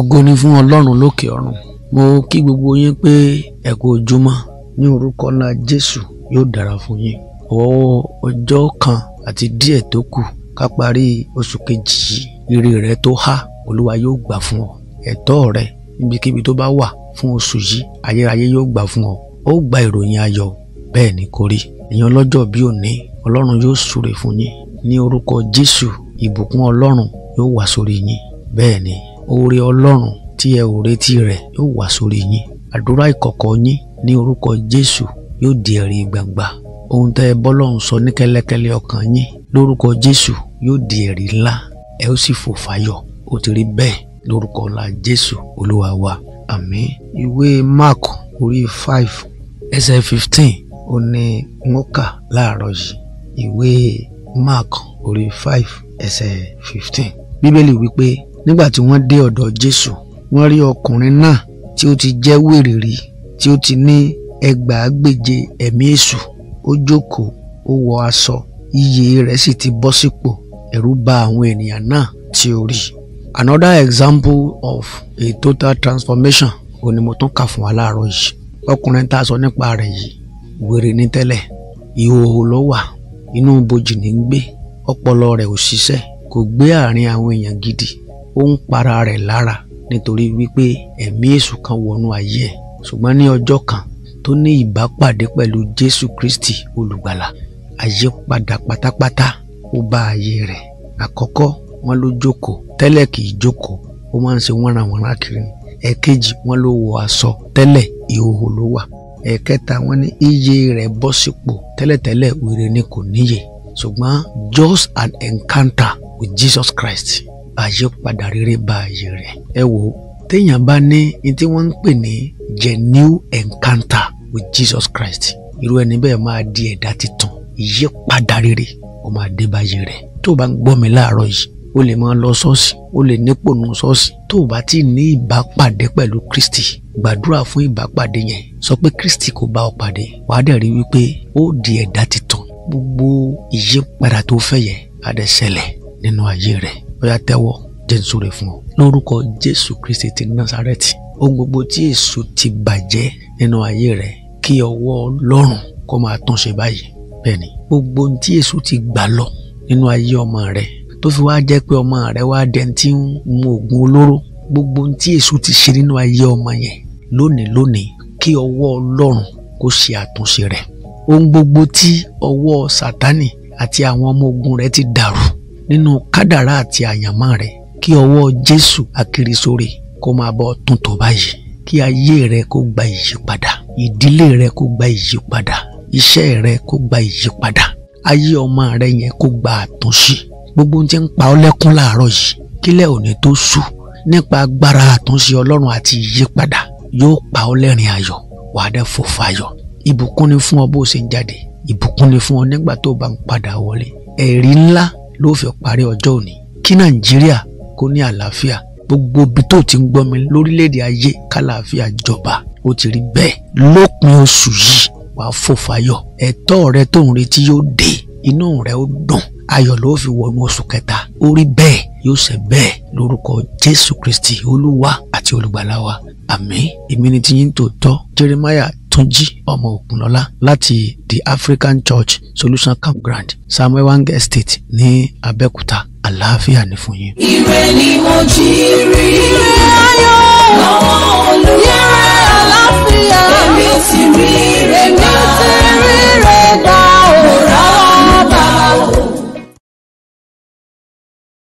ògo ni fún ọlọ́run lókè ọ̀run mo kí gbogbo yín pé ẹ kú ojúmọ́ ní orúkọ náà jésù yóò dára fún yín ọwọ́ ọjọ́ kan àti díẹ̀ tó kù ká parí oṣù kejì yìí ire rẹ tó há olúwa yóò gbà fún ọ ẹ̀tọ́ rẹ níbikíbi tó bá wà fún oṣù yìí ayérayé yóò gbà fún ọ ó gba ìròyìn ayọ̀ bẹ́ẹ̀ ni kò rí èèyàn ọlọ́jọ́ bí òní ọlọ́run yóò súre fún yín ní orúkọ jésù ìbùkún ọlọ́run yóò wà sórí yín bẹ́ẹ̀ ni oore ọlọ́run tí ẹ ò retí rẹ̀ yóò wá sórí yín àdúrà ìkọ̀kọ̀ yín ní orúkọ jésù yóò di ẹ̀rí gbangba ohun tẹ́ ẹ bọ́lọ́run sọ ní kẹ́lẹ́kẹ́lẹ́ ọkàn yín lórúkọ jésù yóò di ẹ̀rí ńlá ẹ ó sì fò fáyọ̀ ó ti rí bẹ́ẹ̀ lórúkọ ńlá jésù olúwa wa àmín. ìwé mark orí five ẹsẹ̀ fifteen ó ní n ó kà láàárọ̀ yìí ìwé mark orí five ẹsẹ̀ fifteen bíbélì wípé nígbà tí wọ́n dé ọ̀dọ̀ Jésù wọ́n rí ọkùnrin náà tí ó ti jẹ́ wèrè rí tí ó ti ní ẹgbàágbèje ẹ̀mí èṣù ó jókòó ó wọ aṣọ iyè rẹ̀ sì ti bọ́ sípò ẹ̀rù bà àwọn ènìyàn náà tí ó rí. another example of a total transformation òun ni mo tún kà fún wa láàárọ̀ yìí ọkùnrin tá a sọ nípa rẹ̀ yìí wèrè ní tẹ́lẹ̀ ìhòòhò ló wà inú bojì ní ń gbé ọpọlọ rẹ̀ ò ṣiṣẹ́ kò gbé àárín àwọn èèyàn gidi ó ń para rẹ̀ lára nítorí wípé ẹ̀mí èṣù kan wọnú ayé ẹ̀ ṣùgbọ́n ní ọjọ́ kan tó ní ìbápàdé pẹ̀lú Jésù Kristi olùgbàlà ayé padà pátápátá ó bá ayé rẹ̀ àkọ́kọ́ wọn ló jókòó tẹ́lẹ̀ kì í jókòó ó máa ń ṣe wọ́nranwọ́nran kiri ni ẹ̀ẹ̀kejì wọn ló wọ aṣọ tẹ́lẹ̀ ìhòòhò ló wà ẹ̀ẹ̀kẹta wọn ní iye rẹ̀ bọ́ sípò tẹ́lẹ̀tẹ́lẹ̀ wèrè ni kò níye ṣùgbọ́n just an encounter with Jesus Christ àyípadà rere bá ayé rẹ̀ ẹ wò téèyàn bá ní ní tí wọ́n ń pè ní genuine encounter with Jesus Christ irú ẹni bẹ́ẹ̀ máa di ẹ̀dá titun ìyípadà rere ó máa dé báyé rẹ̀ tó o bá ń gbọ́ mi láàárọ̀ yìí o lè máa lọ ṣọ́ọ̀ṣì o lè nípònú ṣọ́ọ̀ṣì tó o bá ti ní ìbápàdé pẹ̀lú Kristi gbàdúrà fún ìbápàdé yẹn sọ pé Kristi kò bá ọ pàdé wà á dẹ̀ rí wípé ó di ẹ̀dá titun gbogbo ìyípadà tó fẹ́ yẹn á dẹ̀ ṣẹlẹ̀ nínú ayé rẹ̀ ó yá tẹ́wọ́ jẹ́ n súre fún ọ lórúkọ jésù kristi ti násárẹ́tì ohun gbogbo tí èso ti bàjẹ́ nínú ayé rẹ kí ọwọ́ ọlọ́run kó máa tún ṣe báyìí bẹ́ẹ̀ ni gbogbo ohun tí èso ti gbà lọ nínú ayé ọmọ rẹ tó fi wá jẹ́ pé ọmọ rẹ wá dẹni tí ń mu oògùn olóró gbogbo tí èso ti ṣe nínú ayé ọmọ yẹn lónìí lónìí kí ọwọ́ ọlọ́run kó ṣe àtúnṣe rẹ̀ ohun gbogbo tí ọwọ́ sátánì àti àwọn ọmọ ogun rẹ̀ ti dàrú nínú kádàrá àti àyànmọ́ rẹ kí ọwọ́ Jésù akirisore kó máa bọ́ tuntun báyìí kí ayé rẹ kó gba ìyípadà ìdílé rẹ kó gba ìyípadà iṣẹ́ rẹ kó gba ìyípadà ayé ọmọ rẹ yẹn kó gba àtúnṣe gbogbo ohun tí ń pa ọ́ lẹ́kún láàárọ̀ yìí kílẹ̀ òní tó ṣú nípa agbára àtúnṣe Ọlọ́run àti ìyípadà yóò pa ọ́ lẹ́rìn ayọ̀ wàá dẹ́ fòfò ayọ̀ ìbùkún ni fún ọ bó ṣe ń jáde ìbùkún ni fún ọ nígbà tó bá ń padà wọlé ẹ̀rí ńlá ló fi parí ọjọ́ òní kí nàìjíríà kó ní àlàáfíà gbogbo ibi tó ti ń gbọ́ mi lórílẹ̀‐èdè ayé kálàáfíà jọba ó ti rí bẹ́ẹ̀ lópin oṣù yìí wàá fò fáyọ̀ ẹ̀tọ́ rẹ tó ń retí yóò dé inú rẹ ó dùn ayọ̀ ló fi wọnú oṣù kẹta ó rí bẹ́ẹ̀ yóò ṣe bẹ́ẹ̀ lórúkọ jésù kristi olúwa àti olùgbàlà wa àmín tòótọ́ jeremiah Túnjí ọmọ Òkúnlọ́lá láti the African Church Solution Campground Samuel Wang Estate ní Abẹ́òkúta àlàáfíà ní fún yín. Ire ni mo jí rí lọ́wọ́ olùyẹ.